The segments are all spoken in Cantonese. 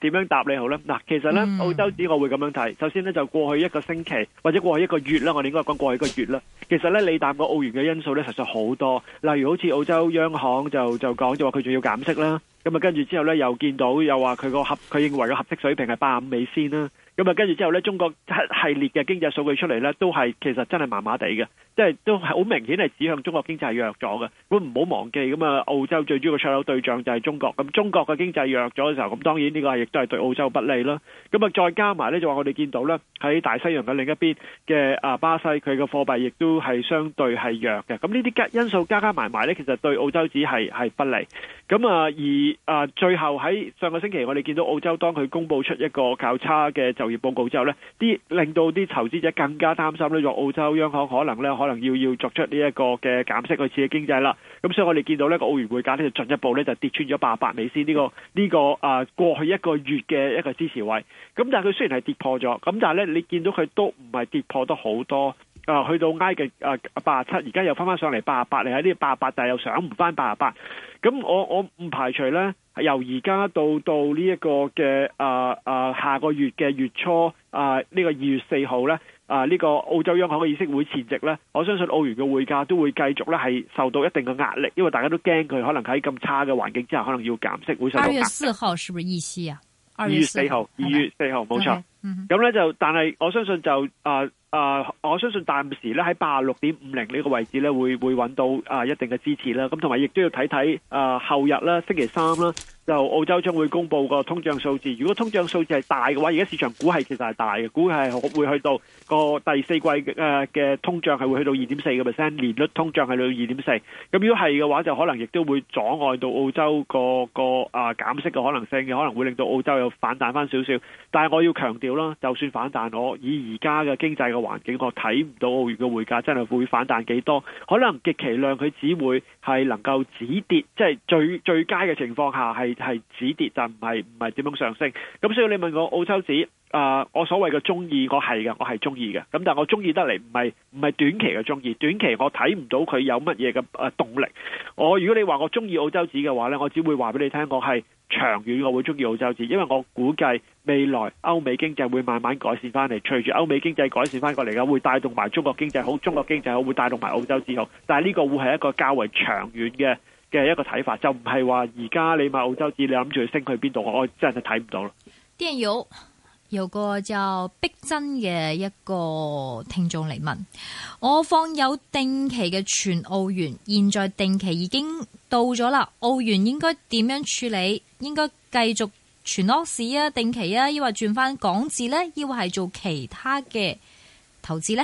點 樣答你好呢？嗱，其實呢，嗯、澳洲紙我會咁樣睇。首先呢，就過去一個星期或者過去一個月啦，我哋應該講過去一個月啦。其實呢，你答個澳元嘅因素呢，實在好多。例如好似澳洲央行就就講，就話佢仲要減息啦。咁啊，跟住之後呢，又見到又話佢個合，佢認為個合適水平係八五美仙啦。咁啊，跟住之後咧，中國一系列嘅經濟數據出嚟咧，都係其實真係麻麻地嘅，即係都係好明顯係指向中國經濟係弱咗嘅。咁唔好忘記，咁啊，澳洲最主要嘅出口對象就係中國。咁中國嘅經濟弱咗嘅時候，咁當然呢個係亦都係對澳洲不利啦。咁啊，再加埋咧，就話我哋見到咧，喺大西洋嘅另一邊嘅啊巴西，佢嘅貨幣亦都係相對係弱嘅。咁呢啲加因素加加埋埋咧，其實對澳洲只係係不利。咁啊，而啊，最後喺上個星期，我哋見到澳洲當佢公布出一個較差嘅就報告之後咧，啲令到啲投資者更加擔心呢個澳洲央行可能咧，可能要要作出呢一個嘅減息去刺激經濟啦。咁所以我哋見到呢個澳元匯價咧就進一步咧就跌穿咗八十八美仙呢個呢，呢個啊過去一個月嘅一個支持位。咁但係佢雖然係跌破咗，咁但係咧你見到佢都唔係跌破得好多啊，去到挨嘅啊八十七，而家又翻翻上嚟八十八，你喺呢八十八，但係又上唔翻八十八。咁我我唔排除咧。由而家到到呢一個嘅，啊啊下個月嘅月初啊呢、這個二月四號咧啊呢、這個澳洲央行嘅議息會前夕咧，我相信澳元嘅匯價都會繼續咧係受到一定嘅壓力，因為大家都驚佢可能喺咁差嘅環境之下，可能要減息，會受到二月四號係咪議息啊？二月四號，二月四號冇錯。咁咧就，但係我相信就啊。呃啊，uh, 我相信暫時咧喺八六點五零呢個位置咧，會會揾到啊一定嘅支持啦。咁同埋亦都要睇睇啊後日啦，星期三啦。就澳洲將會公布個通脹數字，如果通脹數字係大嘅話，而家市場估係其實係大嘅，估係會去到個第四季嘅嘅通脹係會去到二點四個 percent 年率通脹係去到二點四，咁如果係嘅話，就可能亦都會阻礙到澳洲的、那個個啊減息嘅可能性，可能會令到澳洲又反彈翻少少，但係我要強調啦，就算反彈，我以而家嘅經濟嘅環境，我睇唔到澳元嘅匯價真係會反彈幾多，可能極其量佢只會係能夠止跌，即、就、係、是、最最佳嘅情況下係。係止跌，就唔係唔係點樣上升。咁所以你問我澳洲紙啊，我所謂嘅中意，我係嘅，我係中意嘅。咁但係我中意得嚟唔係唔係短期嘅中意，短期我睇唔到佢有乜嘢嘅誒動力。我如果你話我中意澳洲紙嘅話咧，我只會話俾你聽，我係長遠我會中意澳洲紙，因為我估計未來歐美經濟會慢慢改善翻嚟，隨住歐美經濟改善翻過嚟嘅，會帶動埋中國經濟好，中國經濟好會帶動埋澳洲紙好。但係呢個會係一個較為長遠嘅嘅一個睇法，就唔係話而家你買澳洲紙，你諗住升去邊度？我真係睇唔到咯。電郵有個叫碧珍嘅一個聽眾嚟問：我放有定期嘅全澳元，現在定期已經到咗啦，澳元應該點樣處理？應該繼續存澳紙啊、定期啊，抑或轉翻港紙呢？抑或係做其他嘅投資呢？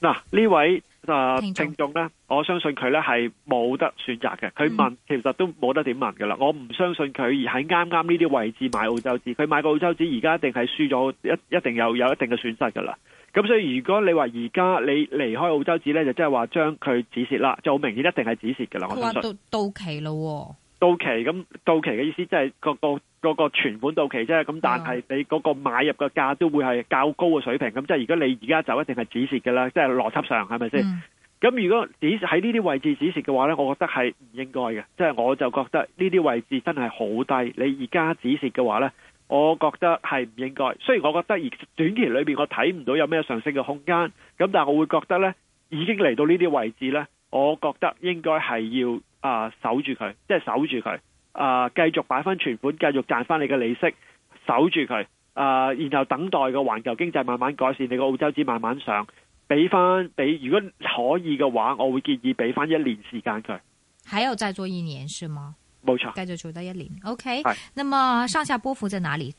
啊」嗱，呢位。誒，聽眾咧，我相信佢咧係冇得選擇嘅。佢問，其實都冇得點問噶啦。我唔相信佢而喺啱啱呢啲位置買澳洲紙。佢買個澳洲紙，而家一定係輸咗，一一定又有，有一定嘅損失噶啦。咁所以如果你話而家你離開澳洲紙咧，就即係話將佢指蝕啦，就好明顯一定係止蝕噶啦。我話、啊、到到期咯、哦。到期，咁到期嘅意思即係個個嗰個存款到期啫，咁但係你嗰個買入嘅價都會係較高嘅水平，咁即係如果你而家就一定係止蝕嘅啦，即係邏輯上係咪先？咁、嗯、如果止喺呢啲位置止蝕嘅話咧，我覺得係唔應該嘅，即係我就覺得呢啲位置真係好低。你而家止蝕嘅話咧，我覺得係唔應該。雖然我覺得而短期裏邊我睇唔到有咩上升嘅空間，咁但係我會覺得咧已經嚟到呢啲位置咧。我覺得應該係要啊、呃、守住佢，即係守住佢啊，繼、呃、續擺翻存款，繼續賺翻你嘅利息，守住佢啊、呃，然後等待個環球經濟慢慢改善，你個澳洲紙慢慢上，俾翻俾，如果可以嘅話，我會建議俾翻一年時間佢。還有再做一年是嗎？冇錯錯，繼續做再一年。OK 係，是那麼上下波幅在哪裡？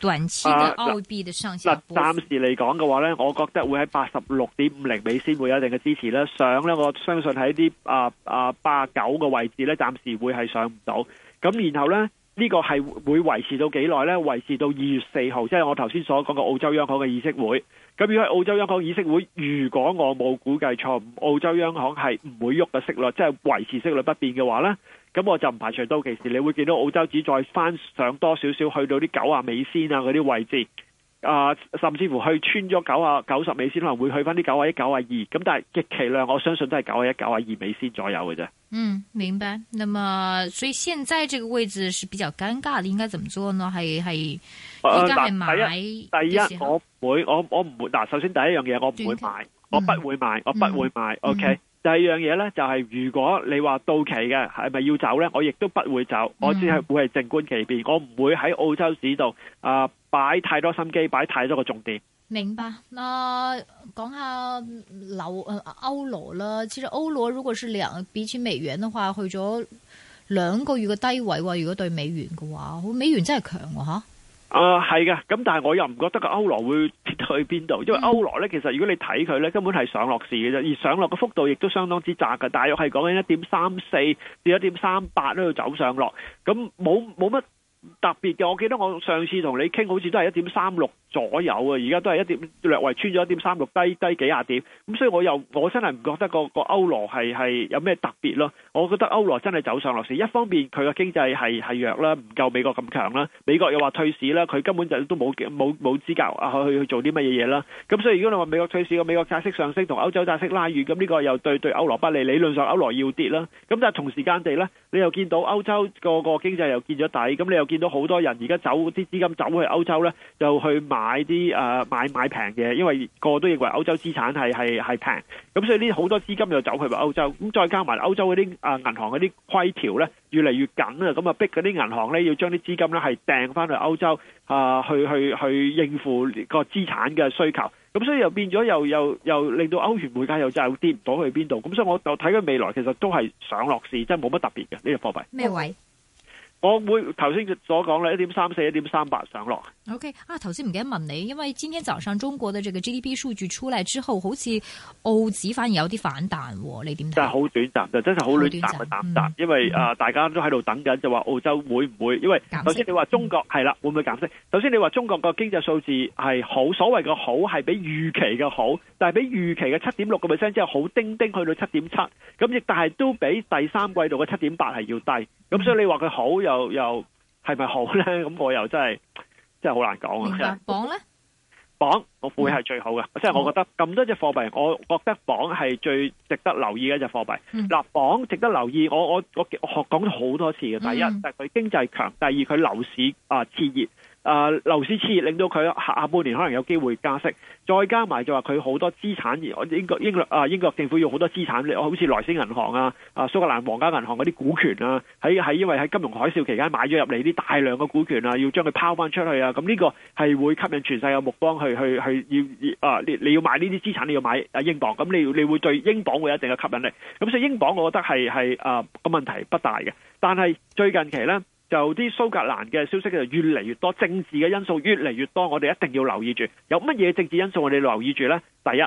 短期嘅澳幣嘅上限，嗱、呃呃，暫時嚟講嘅話呢，我覺得會喺八十六點五零美仙會有一定嘅支持啦，上呢，我相信喺啲啊啊八九個位置呢，暫時會係上唔到，咁然後呢，呢個係會維持到幾耐呢？維持到二月四號，即係我頭先所講嘅澳洲央行嘅議息會。咁如果係澳洲央行議息會，如果我冇估計錯，澳洲央行係唔會喐嘅息率，即係維持息率不變嘅話呢。咁我就唔排除到期時你會見到澳洲紙再翻上多少少，去到啲九啊美仙啊嗰啲位置，啊、呃，甚至乎去穿咗九啊九十美仙可能會去翻啲九啊一、九啊二。咁但係極其量，我相信都係九啊一、九啊二美仙左右嘅啫。嗯，明白。那麼所以現在這個位置是比較尷尬的，應該怎麼做呢？係係依家係買、呃第。第一，我唔會，我我唔會。嗱，首先第一樣嘢，我唔會買，我不會買，嗯、我不會買。O K、嗯。第二樣嘢咧，就係、是、如果你話到期嘅係咪要走咧，我亦都不會走，我只係會係靜觀其變，我唔會喺澳洲市度啊擺太多心機，擺太多個重點。明白。啊，講下歐誒歐羅啦，其實歐羅如果是兩比起美元的話，去咗兩個月嘅低位喎。如果對美元嘅話，美元真係強吓。啊，係嘅、呃，咁但係我又唔覺得個歐羅會跌去邊度，因為歐羅呢，其實如果你睇佢呢，根本係上落市嘅啫，而上落嘅幅度亦都相當之窄㗎，大約係講緊一點三四至一點三八喺度走上落，咁冇冇乜特別嘅，我記得我上次同你傾，好似都係一點三六。左右啊！而家都係一點略為穿咗一點三六低低幾廿點咁，所以我又我真係唔覺得個個歐羅係係有咩特別咯。我覺得歐羅真係走上落市。一方面佢嘅經濟係係弱啦，唔夠美國咁強啦。美國又話退市啦，佢根本就都冇冇冇資格去去做啲乜嘢嘢啦。咁所以如果你話美國退市，個美國債息上升同歐洲債息拉遠，咁呢個又對對歐羅不利。理論上歐羅要跌啦，咁但係同時間地咧，你又見到歐洲個個經濟又見咗底，咁你又見到好多人而家走啲資金走去歐洲咧，又去買。買啲誒買買平嘅，因為個都認為歐洲資產係係係平，咁所以呢好多資金又走去歐洲，咁再加埋歐洲嗰啲誒銀行嗰啲規條咧越嚟越緊啊，咁啊逼嗰啲銀行咧要將啲資金咧係掟翻去歐洲啊去去去應付個資產嘅需求，咁所以又變咗又又又令到歐元匯價又真係跌唔到去邊度，咁所以我就睇佢未來其實都係上落市，真係冇乜特別嘅呢個貨幣咩位？我會頭先所講啦，一點三四、一點三八上落。OK 啊，頭先唔記得問你，因為今天早上中國嘅這個 G D P 數據出嚟之後，好似澳指反而有啲反彈，你點睇？真係好短暫，就真係好短暫嘅短暫，嗯、因為啊，嗯、大家都喺度等緊，就話澳洲會唔會？因為首先你話中國係啦、嗯，會唔會減息？首先你話中國個經濟數字係好，所謂嘅好係比預期嘅好，但係比預期嘅七點六個 percent 之後好丁丁去到七點七，咁亦但係都比第三季度嘅七點八係要低，咁所以你話佢好。又又係咪好咧？咁我又真係真係好難講啊！即係榜咧，榜我會係最好嘅，嗯、即係我覺得咁多隻貨幣，我覺得榜係最值得留意嘅一隻貨幣。嗱、嗯，榜值得留意，我我我我講咗好多次嘅，第一就係佢經濟強，第二佢樓市啊熾熱。呃啊！樓市熾熱，令到佢下下半年可能有機會加息，再加埋就話佢好多資產，英英啊英國政府要好多資產，好似萊斯銀行啊、啊蘇格蘭皇家銀行嗰啲股權啊，喺喺因為喺金融海嘯期間買咗入嚟啲大量嘅股權啊，要將佢拋翻出去啊，咁呢個係會吸引全世界目光去去去要啊你你要買呢啲資產，你要買啊英鎊，咁你你會對英鎊會有一定嘅吸引力，咁所以英鎊我覺得係係啊個問題不大嘅，但係最近期咧。就啲蘇格蘭嘅消息就越嚟越多，政治嘅因素越嚟越多，我哋一定要留意住。有乜嘢政治因素我哋留意住呢？第一，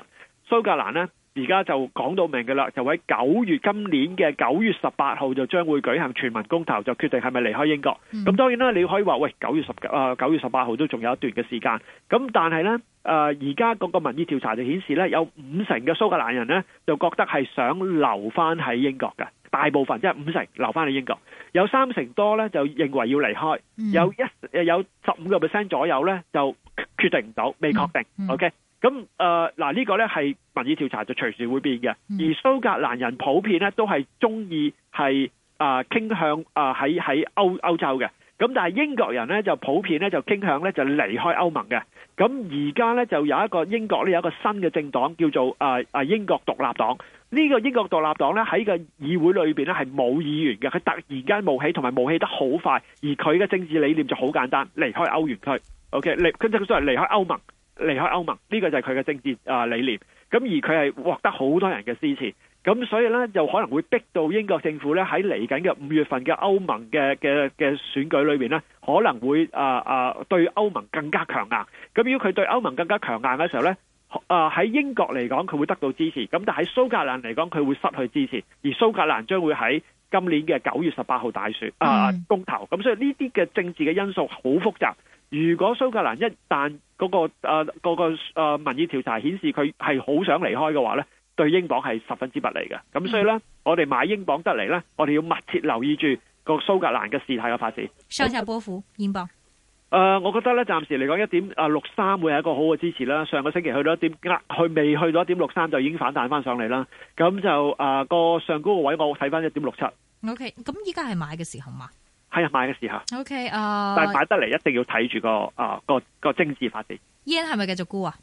蘇格蘭呢，而家就講到明嘅啦，就喺九月今年嘅九月十八號就將會舉行全民公投，就決定係咪離開英國。咁、嗯、當然啦，你可以話喂，九月十啊呃、九月十八號都仲有一段嘅時間。咁但係呢，呃、而家嗰個民意調查就顯示呢，有五成嘅蘇格蘭人呢，就覺得係想留翻喺英國嘅。大部分即係、就是，五成留翻去英國。有三成多咧就認為要離開。有一有十五個 percent 左右咧就決定唔到，未確定。嗯嗯、OK。咁誒嗱呢個咧係民意調查就隨時會變嘅。而蘇格蘭人普遍咧都係中意係啊傾向啊喺喺歐歐洲嘅。咁但係英國人咧就普遍咧就傾向咧就離開歐盟嘅。咁而家咧就有一個英國咧有一個新嘅政黨叫做啊、呃、英國獨立黨。呢個英國獨立黨咧喺個議會裏邊咧係冇議員嘅，佢突然間冒起，同埋冒起得好快，而佢嘅政治理念就好簡單，離開歐元區，OK，離佢就再離開歐盟，離開歐盟，呢、這個就係佢嘅政治啊理念。咁而佢係獲得好多人嘅支持，咁所以咧就可能會逼到英國政府咧喺嚟緊嘅五月份嘅歐盟嘅嘅嘅選舉裏邊咧，可能會啊啊、呃呃、對歐盟更加強硬。咁如果佢對歐盟更加強硬嘅時候咧。啊！喺英國嚟講，佢會得到支持，咁但喺蘇格蘭嚟講，佢會失去支持，而蘇格蘭將會喺今年嘅九月十八號大選啊公投。咁、嗯、所以呢啲嘅政治嘅因素好複雜。如果蘇格蘭一旦嗰、嗰個啊嗰、嗰個嗰個、民意調查顯示佢係好想離開嘅話咧，對英鎊係十分之不利嘅。咁所以咧，我哋買英鎊得嚟咧，我哋要密切留意住個蘇格蘭嘅事態嘅發展。上下波幅，英鎊。誒、呃，我覺得咧，暫時嚟講，一點誒六三會係一個好嘅支持啦。上個星期去到一點，佢、啊、未去到一點六三就已經反彈翻上嚟啦。咁就誒個、呃、上高嘅位置我看，我睇翻一點六七。OK，咁依家係買嘅時候嘛？係啊，買嘅時候。OK，誒，但係買得嚟一定要睇住、那個誒個、啊那個政治發展。yen 係咪繼續沽啊？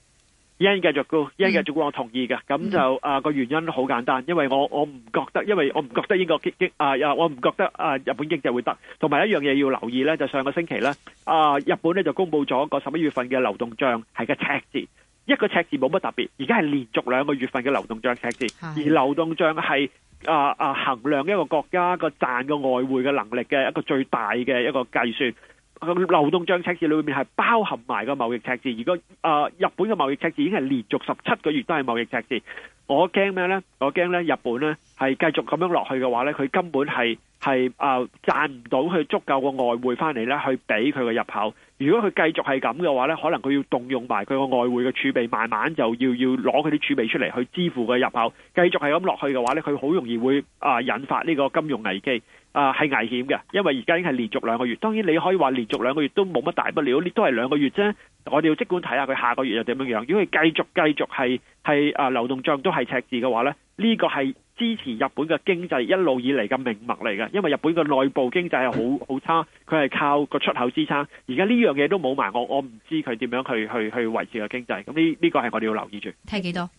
英繼續個英繼續講，我同意嘅。咁就啊個原因好簡單，因為我我唔覺得，因為我唔覺得英國經濟啊，又我唔覺得啊日本經濟會得。同埋一樣嘢要留意咧，就上個星期咧啊日本咧就公布咗個十一月份嘅流動帳係個赤字，一個赤字冇乜特別。而家係連續兩個月份嘅流動帳赤字，而流動帳係啊啊衡量一個國家個賺個外匯嘅能力嘅一個最大嘅一個計算。個流動帳赤字裏面係包含埋個貿易赤字，而個誒日本嘅貿易赤字已經係連續十七個月都係貿易赤字。我驚咩咧？我驚咧日本咧係繼續咁樣落去嘅話咧，佢根本係係啊賺唔到佢足夠個外匯翻嚟咧，去俾佢個入口。如果佢繼續係咁嘅話咧，可能佢要動用埋佢個外匯嘅儲備，慢慢就要要攞佢啲儲備出嚟去支付佢入口。繼續係咁落去嘅話咧，佢好容易會啊引發呢個金融危機。啊，係危險嘅，因為而家已經係連續兩個月。當然你可以話連續兩個月都冇乜大不了，都係兩個月啫。我哋要即管睇下佢下個月又點樣樣。如果佢繼續繼續係係啊流動賬都係赤字嘅話咧，呢個係支持日本嘅經濟一路以嚟嘅命脈嚟嘅。因為日本嘅內部經濟係好好差，佢係靠個出口支撐。而家呢樣嘢都冇埋，我我唔知佢點樣去去去維持個經濟。咁呢呢個係我哋要留意住。睇幾多？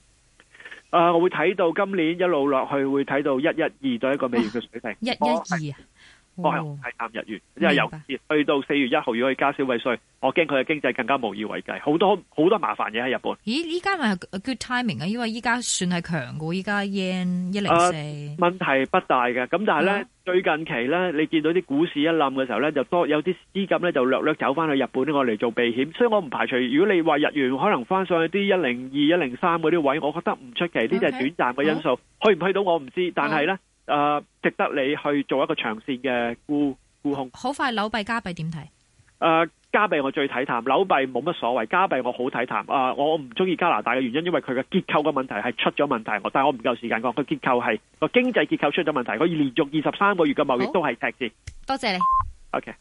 啊、呃！我會睇到今年一路落去會睇到一一二兌一個美元嘅水平，一一二啊。我係睇淡日元，因為由去到四月一號要去加消費稅，我驚佢嘅經濟更加無以為繼，好多好多麻煩嘢喺日本。咦？依家咪 good timing 啊？因為依家算係強嘅，依家 yen 一零四，問題不大嘅。咁但係咧，在最近期咧，你見到啲股市一冧嘅時候咧，就多有啲資金咧就略略走翻去日本，我嚟做避險。所以我唔排除，如果你話日元可能翻上去啲一零二、一零三嗰啲位，我覺得唔出奇，呢啲係短暫嘅因素，oh. 去唔去到我唔知道，但係咧。Oh. 誒，uh, 值得你去做一個長線嘅顧顧控。好快扭幣加幣點睇？誒、uh，加幣我最睇淡，扭幣冇乜所謂。加幣我好睇淡。誒，我唔中意加拿大嘅原因，因為佢嘅結構嘅問題係出咗問題。但我但係我唔夠時間講，佢結構係個經濟結構出咗問題。可以連續二十三個月嘅貿易都係赤字。多謝你。OK。